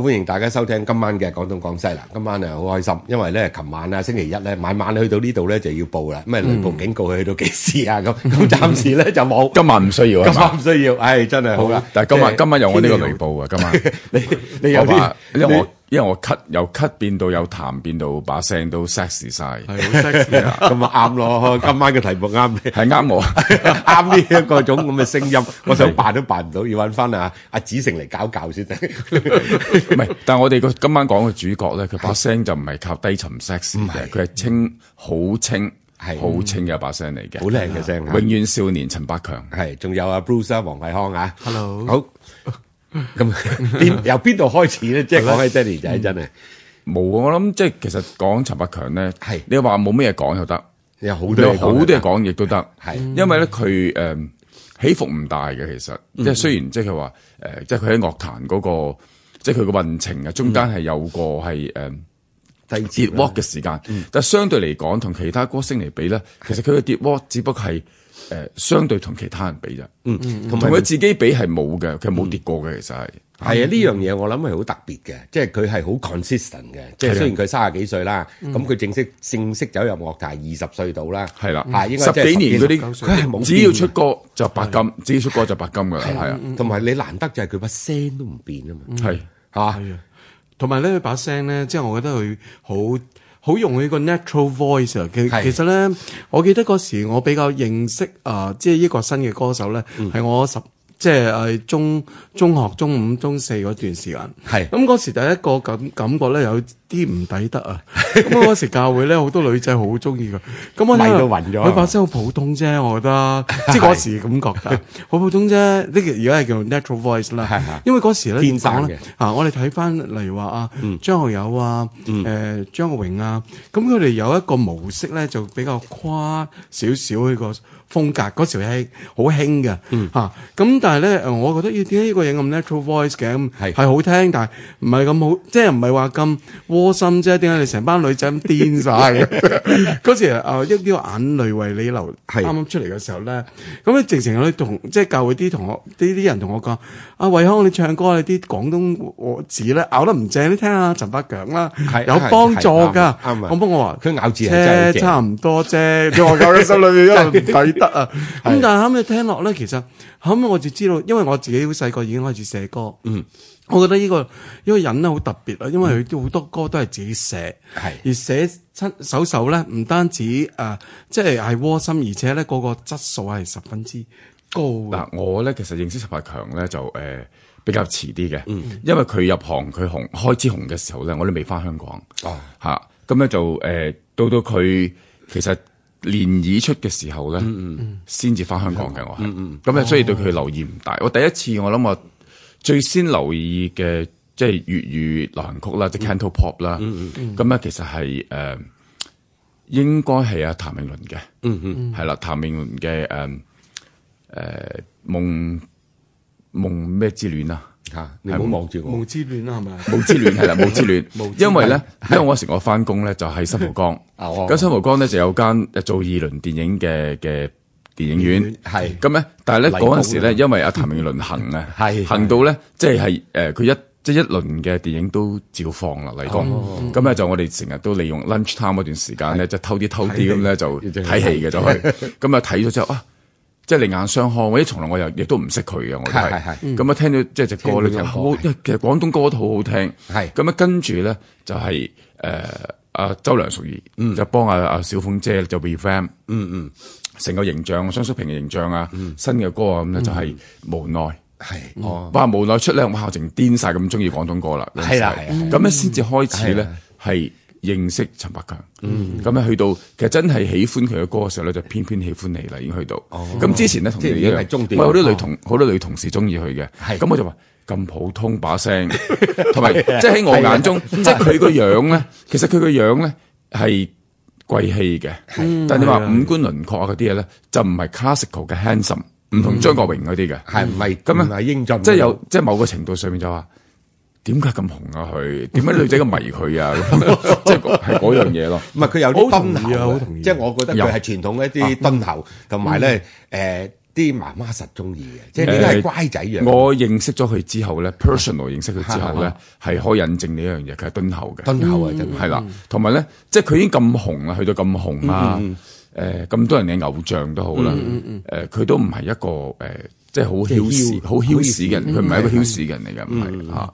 歡迎大家收聽今晚嘅廣東廣西啦！今晚啊好開心，因為咧琴晚啊星期一咧，晚晚去到呢度咧，就要報啦，咩雷暴警告去到幾時啊？咁咁暫時咧就冇。今晚唔需要。啊。今晚唔需要，唉，真係好啦。但係今晚今晚用我呢個雷暴啊！今晚你你有啲，你有。我。因為我咳，由咳變到有痰變到把聲都 sexy 晒，係好 sexy 啊！咁啊啱咯，今晚嘅題目啱，係啱我，啱呢一個種咁嘅聲音，我想扮都扮唔到，要揾翻啊。阿子成嚟搞搞先得。唔係，但係我哋個今晚講嘅主角咧，佢把聲就唔係靠低沉 sexy 嘅，佢係清，好清，係好清嘅把聲嚟嘅，好靚嘅聲，永遠少年陳百強，係，仲有阿 Bruce 啊，黃惠康啊，Hello，好。咁點 由邊度開始咧，就是嗯嗯？即係講起爹哋仔真係冇啊！我諗即係其實講陳百強咧，係你話冇咩嘢講又得，有好多好多嘢講亦都得，係因為咧佢誒起伏唔大嘅,其實即係雖然即係佢話誒，即係佢喺樂壇嗰個即係佢嘅運程啊，中間係有個係誒跌跌鑊嘅時間，嗯、但係相對嚟講同其他歌星嚟比咧，其實佢嘅跌鑊只不過係。誒，相對同其他人比啫，嗯，同埋佢自己比係冇嘅，佢冇跌過嘅，其實係係啊，呢樣嘢我諗係好特別嘅，即係佢係好 consistent 嘅，即係雖然佢卅幾歲啦，咁佢正式正式走入樂界二十歲到啦，係啦，十幾年嗰啲佢係冇，只要出歌就白金，只要出歌就白金㗎喇，係啊，同埋你難得就係佢把聲都唔變啊嘛，係吓，係啊，同埋咧佢把聲咧，即係我覺得佢好。好容易個 natural voice 啊，其其實咧，是我記得嗰時我比較認識啊，即、呃、係、就是、一個新嘅歌手咧，係、嗯、我十。即係中中學中五中四嗰段時間，係咁嗰時第一個感感覺咧有啲唔抵得啊！咁嗰、 嗯、時教會咧好多女仔好中意㗎，咁我諗佢發聲好普通啫，我覺得、啊、 即係嗰時感覺、啊，好 普通啫。呢個而家係叫 natural voice 啦， 因為嗰時咧天生咧，我哋睇翻例如話啊張學友啊，誒張國榮啊，咁佢哋有一個模式咧就比較誇少少呢個。風格嗰時係好興嘅嚇，咁、mm. 啊、但係咧，我覺得要點解呢個影咁 natural voice 嘅係係好聽，但係唔係咁好，即係唔係話咁窩心啫？點解你成班女仔咁癲晒？嘅 的？嗰 時啊，一、呃、啲、這個眼淚為你流係啱啱出嚟嘅時候咧，咁你直情同即係教會啲同學呢啲人同我講：阿惠、ah, 康，你唱歌你啲廣東字咧咬得唔正，你聽下、啊、陳百強啦、啊，啊、有幫助㗎。啊、我唔好我話佢 咬字差唔多啫。你學教會心裏面一路睇。得啊！咁是但係後尾聽落咧，其實後尾我就知道，因為我自己好細個已經開始寫歌，嗯，我覺得呢、這個呢、這個人咧好特別啦，因為佢好多歌都係自己寫，係、嗯、而寫出首首咧唔單止誒、啊，即係係窩心，而且咧個個質素係十分之高嗱。我咧其實認識陳百強咧就誒、呃、比較遲啲嘅，嗯、因為佢入行佢紅開始紅嘅時候咧，我都未翻香港哦吓，咁咧、嗯、就誒、呃、到到佢其實。年已出嘅時候咧，先至翻香港嘅我，咁啊、嗯嗯嗯、所以對佢留意唔大。哦、我第一次我諗我最先留意嘅即係粵語流行曲啦，即係 Cantopop 啦，咁啊其實係誒應該係阿譚詠麟嘅，嗯嗯，係啦，譚詠麟嘅誒誒夢夢咩之戀啊？吓，你唔好望住我。母子戀啦，係咪？母子戀係啦，母子戀。因為咧，因為我成時我翻工咧就喺新蒲崗，咁新蒲崗咧就有間做二輪電影嘅嘅電影院。係。咁咧，但係咧嗰陣時咧，因為阿譚詠麟行啊，行到咧即係誒，佢一即係一輪嘅電影都照放啦。麗宮，咁咧就我哋成日都利用 lunch time 嗰段時間咧，就偷啲偷啲咁咧就睇戲嘅就去。咁啊睇咗之後啊。即係另眼相看，或者從來我又亦都唔識佢嘅，我係咁啊！聽到即係隻歌咧，好，其實廣東歌都好好聽。係咁啊，跟住咧就係誒阿周梁淑怡就幫阿阿小鳳姐就 b e f o r m 嗯嗯，成個形象，雙淑平嘅形象啊，新嘅歌啊咁咧就係無奈，係哇無奈出咧哇，情癲晒咁鍾意廣東歌啦，係啦，咁咧先至開始咧係。認識陳百強，咁樣去到其實真係喜歡佢嘅歌嘅時候咧，就偏偏喜歡你啦，已經去到。咁之前咧，同你已經係中點。好多女同好多女同事中意佢嘅。係。咁我就話咁普通把聲，同埋即係喺我眼中，即係佢個樣咧，其實佢個樣咧係貴氣嘅。但係你話五官輪廓啊嗰啲嘢咧，就唔係 classical 嘅 handsome，唔同張國榮嗰啲嘅。係唔係？咁樣唔係英俊，即係有即係某個程度上面就話。點解咁紅啊？佢點解女仔咁迷佢啊？即係嗰樣嘢咯。唔係佢有啲敦厚，好同意。即係我覺得佢係傳統一啲敦厚，同埋咧誒，啲媽媽實中意嘅，即係呢啲係乖仔樣。我認識咗佢之後咧，personal 認識佢之後咧，係可以引證呢樣嘢，佢係敦厚嘅。敦厚係真係啦。同埋咧，即係佢已經咁紅啦，去到咁紅啦。誒，咁多人嘅偶像都好啦。誒，佢都唔係一個誒，即係好囂士，好囂士嘅。佢唔係一個囂士嘅人嚟嘅，唔係吓。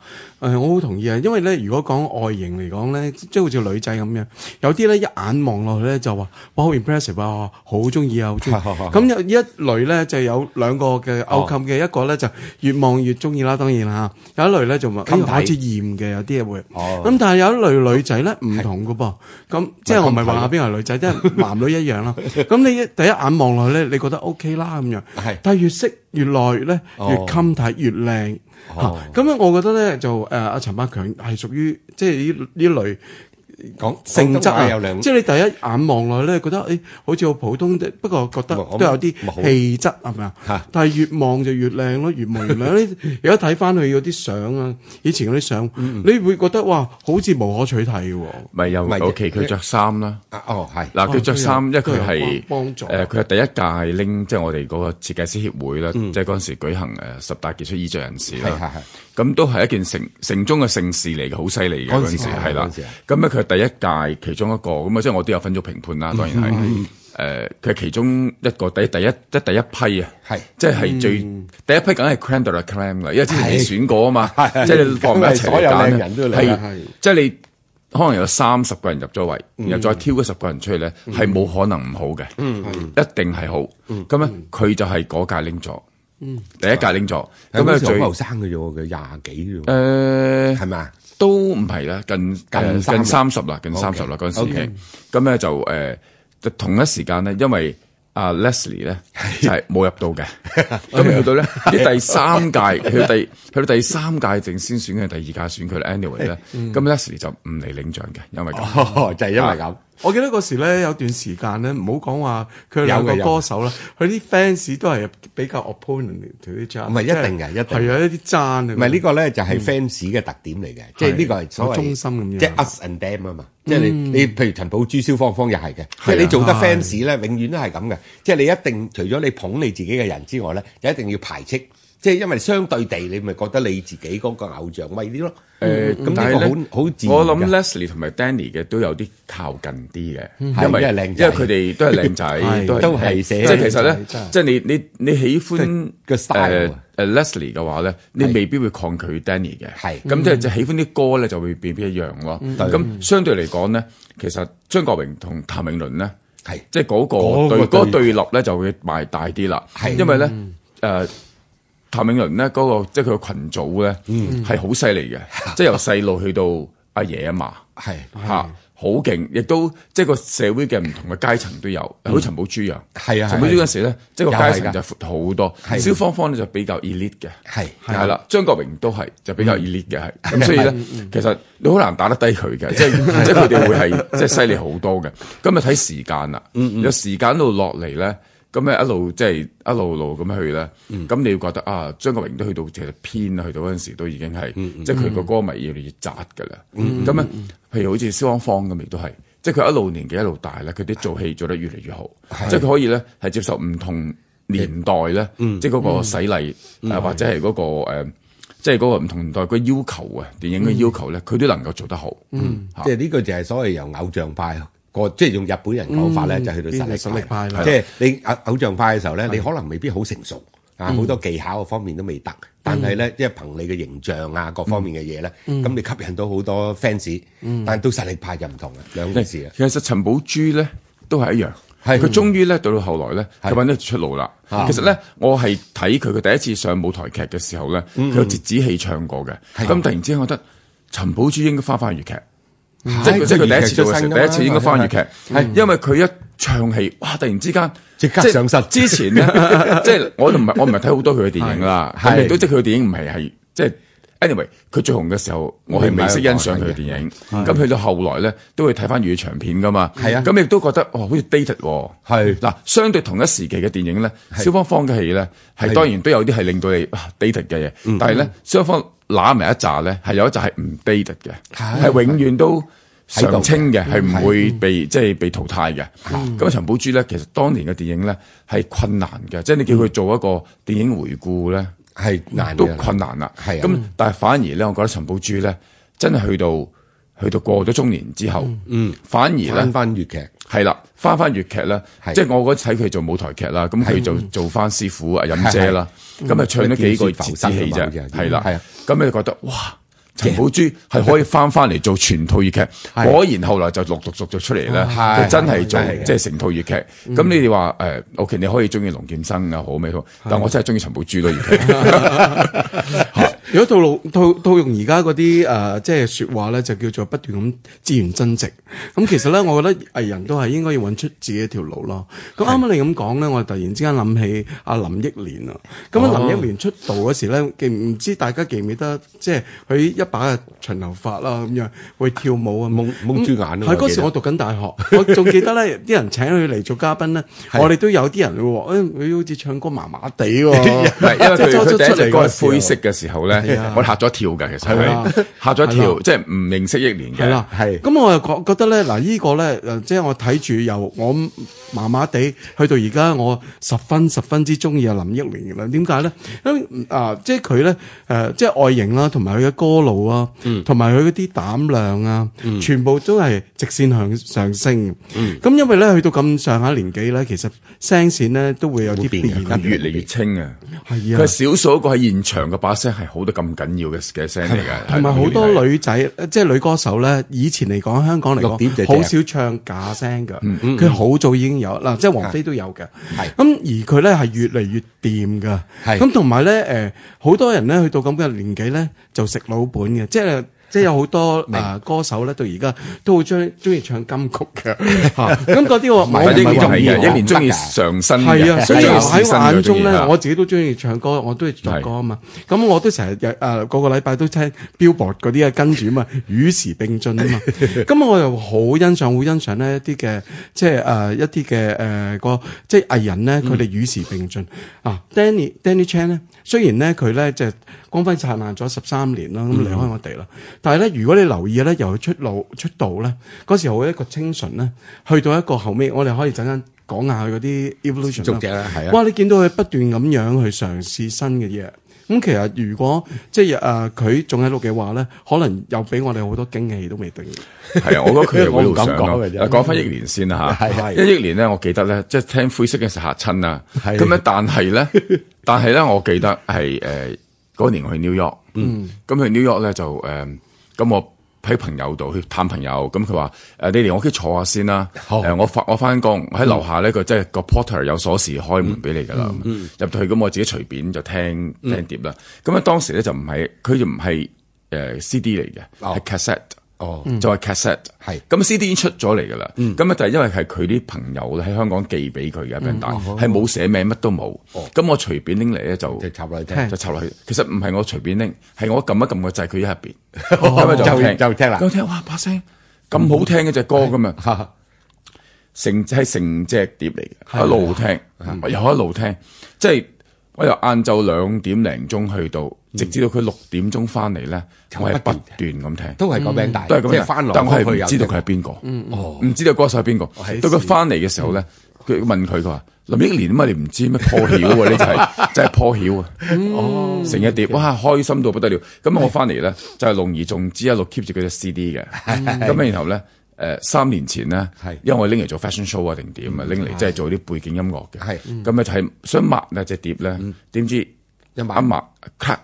誒，我好同意啊！因為咧，如果講外形嚟講咧，即係好似女仔咁樣，有啲咧一眼望落去咧就話，哇好 impressive 啊，好中意啊，咁、哦、 有一類咧就有兩個嘅凹陷嘅，一個咧就越望越中意啦，當然啦、啊、有一類咧就冇，體好似厭嘅有啲會，咁、哦、但係有一類女仔咧唔同嘅噃，咁是即係我唔係話邊個係女仔，即係是男女一樣啦。咁 你第一眼望落去咧，你覺得 OK 啦咁樣，是但係越識越耐咧，越襟睇越靚。吓，咁樣、哦啊、我覺得咧就誒，阿陳百強係屬於即係呢呢類。講性質啊，有靚，即係你第一眼望落去，咧，覺得誒，好似好普通嘅，不過覺得都有啲氣質係咪啊？但係越望就越靚咯，越望越靚。你而家睇翻佢嗰啲相啊，以前嗰啲相，你會覺得哇，好似無可取替嘅。咪又唔係，O.K. 佢着衫啦。哦係，嗱佢着衫，因為佢係幫助，誒，佢係第一屆拎，即係我哋嗰個設計師協會啦，即係嗰陣時舉行誒十大傑出衣着人士啦。咁都係一件城城中嘅盛事嚟嘅，好犀利嘅，嗰陣時係啦。咁咧佢係第一屆其中一個，咁啊即係我都有分咗評判啦。當然係誒，佢係其中一個第第一即第一批啊，係即係最第一批梗係 crème de la crème 啦，crème 啦，因為之前未選過啊嘛，即係放一齊，所有人都嚟。即係你可能有三十個人入咗圍，然後再挑嗰十個人出去咧，係冇可能唔好嘅，一定係好。咁咧佢就係嗰屆拎咗。第一屆領咗，咁咧最後生嘅啫，佢廿幾啫，誒，係咪？都唔係啦，近近近三十啦，近三十啦嗰陣時，咁咧就誒，同一時間咧，因為阿 Leslie 咧就係冇入到嘅，咁去到咧啲第三屆，去第去到第三屆正先選嘅，第二屆選佢 Anyway 咧，咁 Leslie 就唔嚟領獎嘅，因為就係因為咁。我記得嗰時咧，有段時間咧，唔好講話佢兩個歌手啦，佢啲 fans 都係比較 opponent to each other 唔係一定嘅，一定係有一啲爭，唔係呢個咧就係 fans 嘅特點嚟嘅，即係呢個係所謂中心咁樣，即係 us and them 啊嘛。即係你你，譬如陳寶珠、蕭芳芳又係嘅，即係你做得 fans 咧，永遠都係咁嘅。即係你一定除咗你捧你自己嘅人之外咧，就一定要排斥。即係因為相對地，你咪覺得你自己嗰個偶像咪啲咯？誒，咁但係咧，我諗 Leslie 同埋 Danny 嘅都有啲靠近啲嘅，因為因為佢哋都係靚仔，都係即係其實咧，即係你你你喜歡個誒誒 Leslie 嘅話咧，你未必會抗拒 Danny 嘅，係咁即係就喜歡啲歌咧就會變，未必一樣咯。咁相對嚟講咧，其實張國榮同譚詠麟咧，係即係嗰個對立咧就會賣大啲啦，因為咧誒。譚詠麟咧嗰個即係佢個群組咧係好犀利嘅，即係由細路去到阿爺阿嫲，係嚇好勁，亦都即係個社會嘅唔同嘅階層都有，好陳寶珠樣，係啊，陳寶珠嗰陣時咧，即係個階層就闊好多，蕭芳芳咧就比較 elite 嘅，係係啦，張國榮都係就比較 elite 嘅，係咁，所以咧其實你好難打得低佢嘅，即係即係佢哋會係即係犀利好多嘅。今日睇時間啦，有時間度落嚟咧。咁咧一路即係一路路咁去咧，咁你會覺得啊，張國榮都去到其實偏去到嗰陣時都已經係，即係佢個歌迷越嚟越窄㗎啦。咁咧，譬如好似蕭芳芳咁亦都係，即係佢一路年紀一路大咧，佢啲做戲做得越嚟越好。即係佢可以咧係接受唔同年代咧，即係嗰個洗禮或者係嗰個誒，即係嗰個唔同年代個要求啊，電影嘅要求咧，佢都能夠做得好。即係呢個就係所謂由偶像派。個即係用日本人講法咧，就去到實力派，即係你偶偶像派嘅時候咧，你可能未必好成熟，啊好多技巧方面都未得，但係咧，即係憑你嘅形象啊各方面嘅嘢咧，咁你吸引到好多 fans，但係到實力派又唔同啦，兩件事啦。其實陳寶珠咧都係一樣，係佢終於咧到到後來咧，佢揾得出路啦。其實咧，我係睇佢佢第一次上舞台劇嘅時候咧，佢有折子戲唱過嘅，咁突然之間覺得陳寶珠應該翻翻粵劇。即係佢第一次做嘅，第一次應該翻粵劇，係因為佢一唱戲，哇！突然之間即刻上身。之前即係我都唔係，我唔係睇好多佢嘅電影啦。係都即係佢嘅電影，唔係係即係。anyway，佢最紅嘅時候，我係未識欣賞佢嘅電影。咁去到後來咧，都會睇翻粵語長片噶嘛。係啊，咁亦都覺得哦，好似 dated 係嗱。相對同一時期嘅電影咧，蕭芳芳嘅戲咧，係當然都有啲係令到你 dated 嘅嘢。但係咧，蕭芳。揦埋一紮咧，係有一紮係唔 dead 嘅，係永遠都常青嘅，係唔會被即係被淘汰嘅。咁的陳寶珠咧，其實當年嘅電影咧係困難嘅，的即係你叫佢做一個電影回顧咧，係難都困難啦。係咁，但係反而咧，我覺得陳寶珠咧真係去到。去到過咗中年之後，嗯，嗯，反而呢翻翻粵劇，係啦，翻翻粵劇咧，的即係我嗰時睇佢做舞台劇啦，咁佢就做翻的師傅啊、飲姐啦，咁啊的、嗯、唱咗幾個折子戲啫，係啦，係啊，咁啊的覺得哇！陳寶珠係可以翻翻嚟做全套粵劇，果然後來就陸陸續續出嚟咧，就真係做即係成套粵劇。咁你哋話誒，OK，你可以中意龍劍笙啊，好咩都，但我真係中意陳寶珠嘅粵劇咯。如果套路套套用而家嗰啲誒，即係說話咧，就叫做不斷咁資源增值。咁其實咧，我覺得藝人都係應該要揾出自己一條路咯。咁啱啱你咁講咧，我突然之間諗起阿林憶蓮啊。咁阿林憶蓮出道嗰時咧，記唔知大家記唔記得，即係佢一把嘅長頭髮啦，咁樣會跳舞啊，蒙蒙住眼咯。喺嗰時我讀緊大學，我仲記得咧，啲人請佢嚟做嘉賓咧，我哋都有啲人喎，誒，佢好似唱歌麻麻地喎。因為出嚟個灰色嘅時候咧，我嚇咗跳㗎，其實嚇咗跳，即係唔認識憶蓮嘅。係啦，係。咁我又覺覺得咧，嗱，呢個咧，誒，即係我睇住由我麻麻地去到而家，我十分十分之中意阿林憶蓮嘅啦。點解咧？因為啊，即係佢咧，誒，即係外形啦，同埋佢嘅歌路。好啊，同埋佢啲膽量啊，全部都係直線向上升。咁因為咧，去到咁上下年紀咧，其實聲線咧都會有啲變得越嚟越清啊。係啊，佢少數一個喺現場嘅把聲係好得咁緊要嘅嘅聲嚟嘅。同埋好多女仔，即係女歌手咧，以前嚟講香港嚟講，好少唱假聲噶。佢好早已經有嗱，即係王菲都有嘅。係咁而佢咧係越嚟越掂噶。係咁同埋咧，誒，好多人咧去到咁嘅年紀咧，就食老本。即係即係有好多啊歌手咧，到而家都好中中意唱金曲嘅。咁嗰啲我一 我一年中意，一年中意上身嘅。係啊，所以喺我眼中咧， 我自己都中意唱歌，我都作歌啊嘛。咁 我都成日日啊，個個禮拜都聽 Billboard 嗰啲啊，跟住嘛，與時並進啊嘛。咁 我又好欣賞，好欣賞呢一啲嘅、呃，即係誒一啲嘅誒個即係藝人咧，佢哋與時並進啊。 Danny Danny Chan 咧，雖然咧佢咧就。光輝燦爛咗十三年啦，咁離開我哋啦。但係咧，如果你留意咧，由佢出路出道咧，嗰時候一個清純咧，去到一個後尾，我哋可以陣間講下佢嗰啲 evolution。係啊！哇，你見到佢不斷咁樣去嘗試新嘅嘢。咁其實如果即係誒佢仲喺度嘅話咧，可能又俾我哋好多驚喜都未定。係啊，我覺得佢會咁講嘅。咯。講翻億年先啦嚇，一億年咧，我記得咧，即係聽灰色嘅時候嚇親啊。咁咧，但係咧，但係咧，我記得係誒。嗰年我去 New York，咁、嗯、去 New York 咧就誒，咁、呃、我喺朋友度去探朋友，咁佢話，誒你嚟我屋企坐下先啦，誒、哦呃、我翻我翻工喺樓下咧，佢即係個 porter 有鎖匙開門俾你噶啦，入、嗯嗯、去咁我自己隨便就聽、嗯、聽碟啦，咁啊當時咧就唔係佢就唔係誒 CD 嚟嘅，係 cassette、哦。哦，就係 cassette 係，咁 C D 已經出咗嚟噶啦，咁啊就係因為係佢啲朋友喺香港寄俾佢嘅，但係冇寫名，乜都冇，咁我隨便拎嚟咧就插落去聽，就插落去。其實唔係我隨便拎，係我撳一撳個掣，佢喺入邊咁聽就聽啦。我聽哇把聲咁好聽嘅隻歌咁啊，成係成隻碟嚟嘅，一路聽又一路聽，即係我由晏晝兩點零鐘去到。直至到佢六點鐘翻嚟咧，我係不斷咁聽，都係個名大，都係咁樣。但我係唔知道佢係邊個，唔知道歌手係邊個。到佢翻嚟嘅時候咧，佢問佢：佢話林憶蓮啊嘛，你唔知咩破曉啊？呢就係真係破曉啊！成日碟哇，開心到不得了。咁我翻嚟咧就係隆而重之一路 keep 住佢隻 CD 嘅。咁然後咧誒三年前咧，因為我拎嚟做 fashion show 啊定點啊拎嚟即係做啲背景音樂嘅。咁咧就係想抹啊隻碟咧，點知一抹一抹 cut。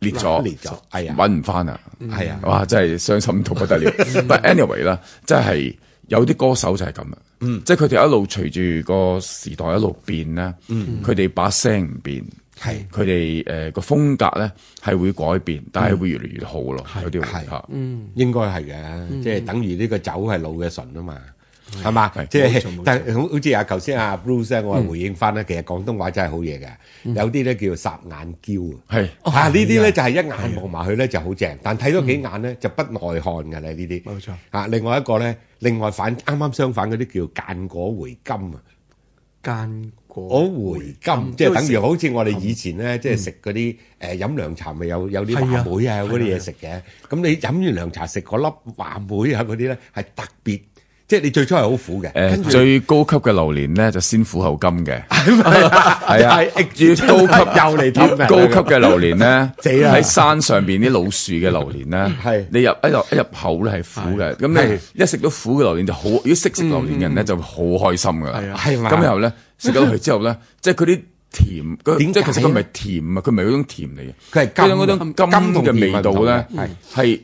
裂咗，裂咗，揾唔翻啊！係啊，哇，真係傷心到不得了。But anyway 啦，即係有啲歌手就係咁啦。嗯，即係佢哋一路隨住個時代一路變啦，嗯，佢哋把聲唔變，係佢哋誒個風格咧係會改變，但係會越嚟越好咯。有啲咁嘅，嗯，應該係嘅，即係等於呢個酒係老嘅醇啊嘛。係嘛，即係但係，好好似啊，頭先阿 Bruce，我係回應翻咧，其實廣東話真係好嘢嘅，有啲咧叫做霎眼嬌啊，係啊，呢啲咧就係一眼望埋去咧就好正，但睇咗幾眼咧就不耐看嘅咧呢啲。冇錯啊，另外一個咧，另外反啱啱相反嗰啲叫間果回甘啊，間果回甘，即係等於好似我哋以前咧，即係食嗰啲誒飲涼茶咪有有啲話梅啊嗰啲嘢食嘅，咁你飲完涼茶食嗰粒話梅啊嗰啲咧係特別。即係你最初係好苦嘅，誒，最高級嘅榴蓮咧就先苦後甘嘅。係啊，係啊，係，食住高級又嚟偷嘅，高級嘅榴蓮咧，喺山上邊啲老樹嘅榴蓮咧，係，你入一入一入口咧係苦嘅，咁你一食到苦嘅榴蓮就好，如果識食榴蓮嘅人咧就好開心噶啦。係啊，係嘛，咁然後咧食咗佢之後咧，即係佢啲甜，點解其實佢唔係甜啊，佢唔係嗰種甜嚟嘅，佢係加嗰種甘嘅味道咧，係係。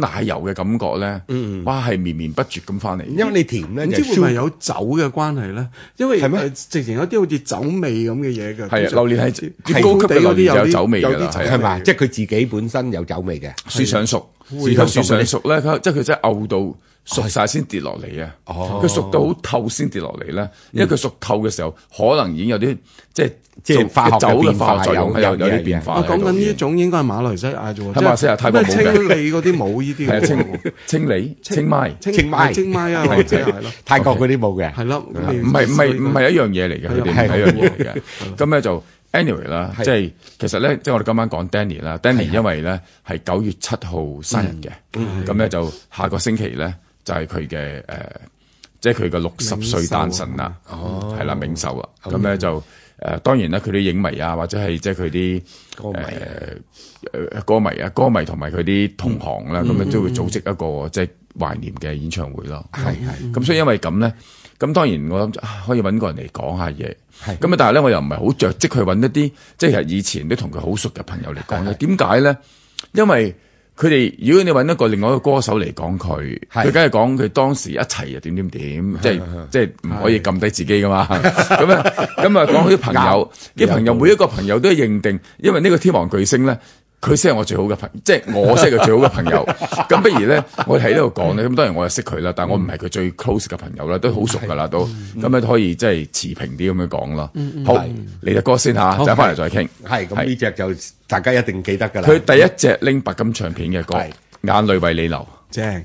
奶油嘅感覺咧，哇係綿綿不絕咁翻嚟。因為你甜咧，唔知會唔會有酒嘅關係咧？因為係咩？直情有啲好似酒味咁嘅嘢嘅。係榴蓮係高級啲有啲有啲有啲酒味係咪？即係佢自己本身有酒味嘅。樹上熟，樹頭樹上熟咧，即係佢真係漚到。熟晒先跌落嚟啊！佢熟到好透先跌落嚟咧，因為佢熟透嘅時候，可能已經有啲即係即係化學嘅化作有有有啲變化。講緊呢種應該係馬來西亞做，馬來西亞泰國冇嘅清理嗰啲冇呢啲嘅清理清理清邁清邁清邁啊！係咯，泰國嗰啲冇嘅係咯，唔係唔係唔係一樣嘢嚟嘅，佢哋係一樣嘢嚟嘅咁咧就 anyway 啦，即係其實咧，即係我哋今晚講 Danny 啦，Danny 因為咧係九月七號生日嘅，咁咧就下個星期咧。就係佢嘅誒，即係佢嘅六十歲單身啦，係啦，冥壽啦。咁咧就誒，當然啦，佢啲影迷啊，或者係即係佢啲誒歌迷啊，歌迷同埋佢啲同行啦，咁樣都會組織一個即係懷念嘅演唱會咯。係，咁所以因為咁咧，咁當然我諗可以揾個人嚟講下嘢。係，咁啊，但係咧，我又唔係好著跡去揾一啲，即係以前都同佢好熟嘅朋友嚟講嘅。點解咧？因為佢哋如果你揾一個另外一個歌手嚟講佢，佢梗係講佢當時一齊又點點點，怎樣怎樣的即係的即係唔可以撳低自己噶嘛。咁啊咁啊，講佢啲朋友，啲騙朋友騙每一個朋友都係認定，騙因為呢個天王巨星咧。佢先係我最好嘅朋友，即係我識佢最好嘅朋友。咁不如咧，我喺呢度講咧。咁當然我又識佢啦，但我唔係佢最 close 嘅朋友啦，都好熟噶啦都。咁咪可以即係持平啲咁樣講咯。好，嚟隻歌先吓，走翻嚟再傾。係，咁呢隻就大家一定記得噶啦。佢第一隻拎白金唱片嘅歌《眼淚為你流》正。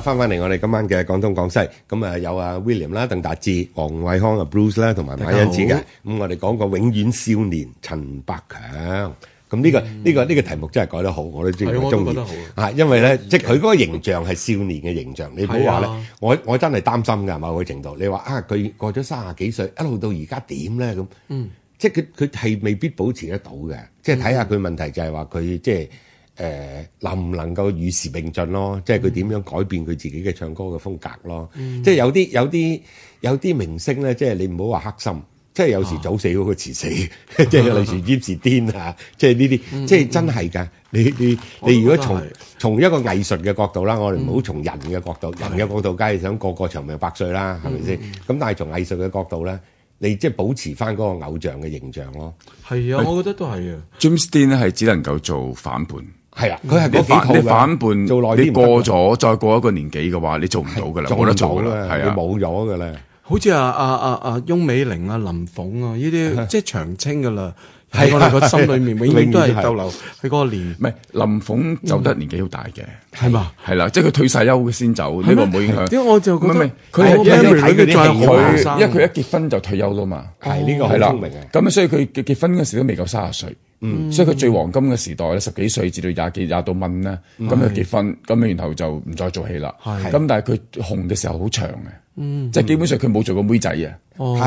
翻翻嚟我哋今晚嘅廣東廣西咁啊，有阿 William 啦、鄧達智、黃惠康啊、Bruce 啦，同埋馬恩賜嘅咁，我哋講個永遠少年陳百強，咁呢個呢個呢個題目真係改得好，我都超中意啊！因為咧，即係佢嗰個形象係少年嘅形象，你唔好話咧，我我真係擔心嘅某個程度，你話啊，佢過咗卅幾歲一路到而家點咧咁？嗯，即係佢佢係未必保持得到嘅，嗯、即係睇下佢問題就係話佢即係。誒能唔能夠與時並進咯？即係佢點樣改變佢自己嘅唱歌嘅風格咯？即係有啲有啲有啲明星咧，即係你唔好話黑心，即係有時早死好過遲死，即係例如 James Dean 啊，即係呢啲，即係真係㗎。你你你如果從從一個藝術嘅角度啦，我哋唔好從人嘅角度，人嘅角度梗係想個個長命百歲啦，係咪先？咁但係從藝術嘅角度咧，你即係保持返嗰個偶像嘅形象咯。係啊，我覺得都係啊。James Dean 係只能夠做反叛。係啊，佢係嗰幾套。你反叛，你過咗再過一個年紀嘅話，你做唔到噶啦，冇得做啦，係啊，冇咗噶啦。好似阿阿阿阿翁美玲啊、林鳳啊呢啲，即係長青噶啦，喺我哋個心裏面永遠都係逗留佢嗰個年。唔係林鳳走得年紀好大嘅，係嘛？係啦，即係佢退晒休佢先走，呢個冇影響。點解我就覺得，因為睇嘅就係佢，因為佢一結婚就退休啦嘛。係呢個係啦，咁所以佢結婚嗰時都未夠卅歲。嗯，所以佢最黃金嘅時代咧，十幾歲至到廿幾廿到蚊咧，咁就結婚，咁然後就唔再做戲啦。係，咁但係佢紅嘅時候好長嘅，嗯，即係基本上佢冇做過妹仔啊，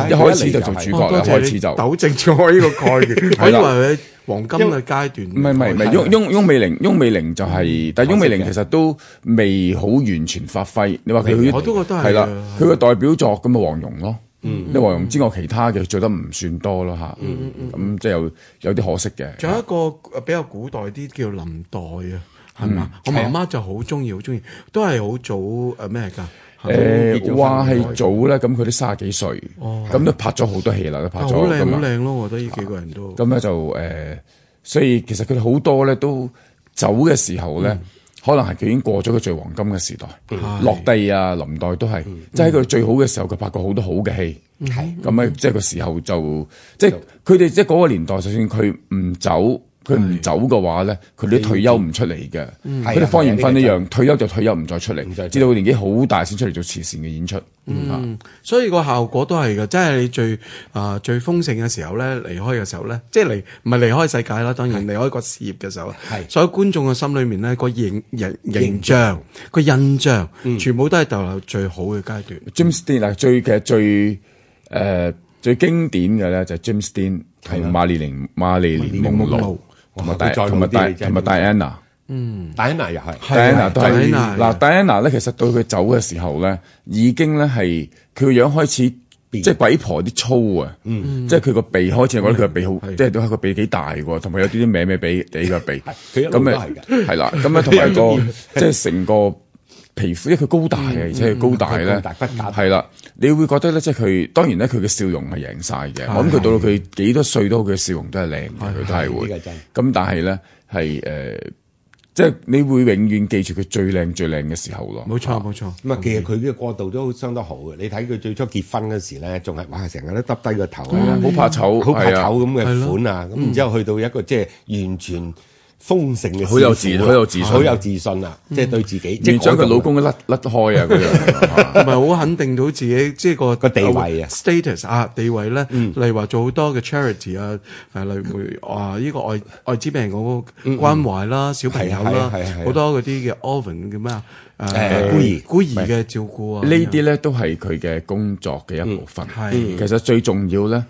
一開始就做主角，一開始就糾正咗呢個概念。係啦，黃金嘅階段。唔係唔係係，翁翁美玲，翁美玲就係，但係翁美玲其實都未好完全發揮。你話佢，我都覺得係啦，佢個代表作咁啊，黃蓉咯。嗯，之外之我其他嘅做得唔算多咯嚇，咁即係有有啲可惜嘅。仲有一個比較古代啲叫林黛啊，係嘛？我媽媽就好中意，好中意，都係好早誒咩㗎？誒話係早咧，咁佢都三十幾歲，咁都拍咗好多戲啦，拍咗。好靚好靚咯，我覺得呢幾個人都。咁咧就誒，所以其實佢哋好多咧都走嘅時候咧。可能係佢已經過咗個最黃金嘅時代，嗯、落地啊是林黛都係，嗯、即係喺佢最好嘅時候，佢拍過好多好嘅戲，咁啊、嗯，樣是即係個時候就，嗯、即係佢哋即係嗰個年代，就算佢唔走。佢唔走嘅話咧，佢都退休唔出嚟嘅。佢哋芳艷芬一樣，退休就退休，唔再出嚟。直到佢年紀好大先出嚟做慈善嘅演出。所以個效果都係嘅。即係你最啊最豐盛嘅時候咧，離開嘅時候咧，即係離唔係離開世界啦。當然離開個事業嘅時候，所有觀眾嘅心裏面咧，個形形象個印象，全部都係逗留最好嘅階段。James Dean 啊，最嘅，最誒最經典嘅咧就係 James Dean，係瑪麗蓮瑪麗蓮同埋大，同埋戴安娜，嗯，戴安娜又係，戴安娜，戴安娜嗱，戴安娜咧，其實到佢走嘅時候咧，已經咧係佢個樣開始，即係鬼婆啲粗啊，嗯，即係佢個鼻開始，我覺得佢個鼻好，即係都係個鼻幾大喎，同埋有啲啲歪歪鼻，呢個鼻，咁啊，係啦，咁啊，同埋個即係成個。皮膚，因為佢高大嘅，而且佢高大咧，係啦，你會覺得咧，即係佢當然咧，佢嘅笑容係贏晒嘅。我諗佢到到佢幾多歲都好，佢嘅笑容都係靚佢都係會。咁但係咧，係誒，即係你會永遠記住佢最靚最靚嘅時候咯。冇錯冇錯，咁啊，其實佢呢個過度都相當好嘅。你睇佢最初結婚嗰時咧，仲係哇，成日都耷低個頭啊，好怕醜，好怕醜咁嘅款啊。咁然之後去到一個即係完全。豐盛嘅，好有自好有自信，好有自信啊！即係對自己，院長佢老公甩甩開啊，咁樣唔係好肯定到自己，即係個個地位啊，status 啊地位咧。例如話做好多嘅 charity 啊，例如啊呢個愛艾滋病嗰個關懷啦，小朋友啦，好多嗰啲嘅 oven 叫咩啊？孤兒孤兒嘅照顧啊，呢啲咧都係佢嘅工作嘅一部分。係，其實最重要咧。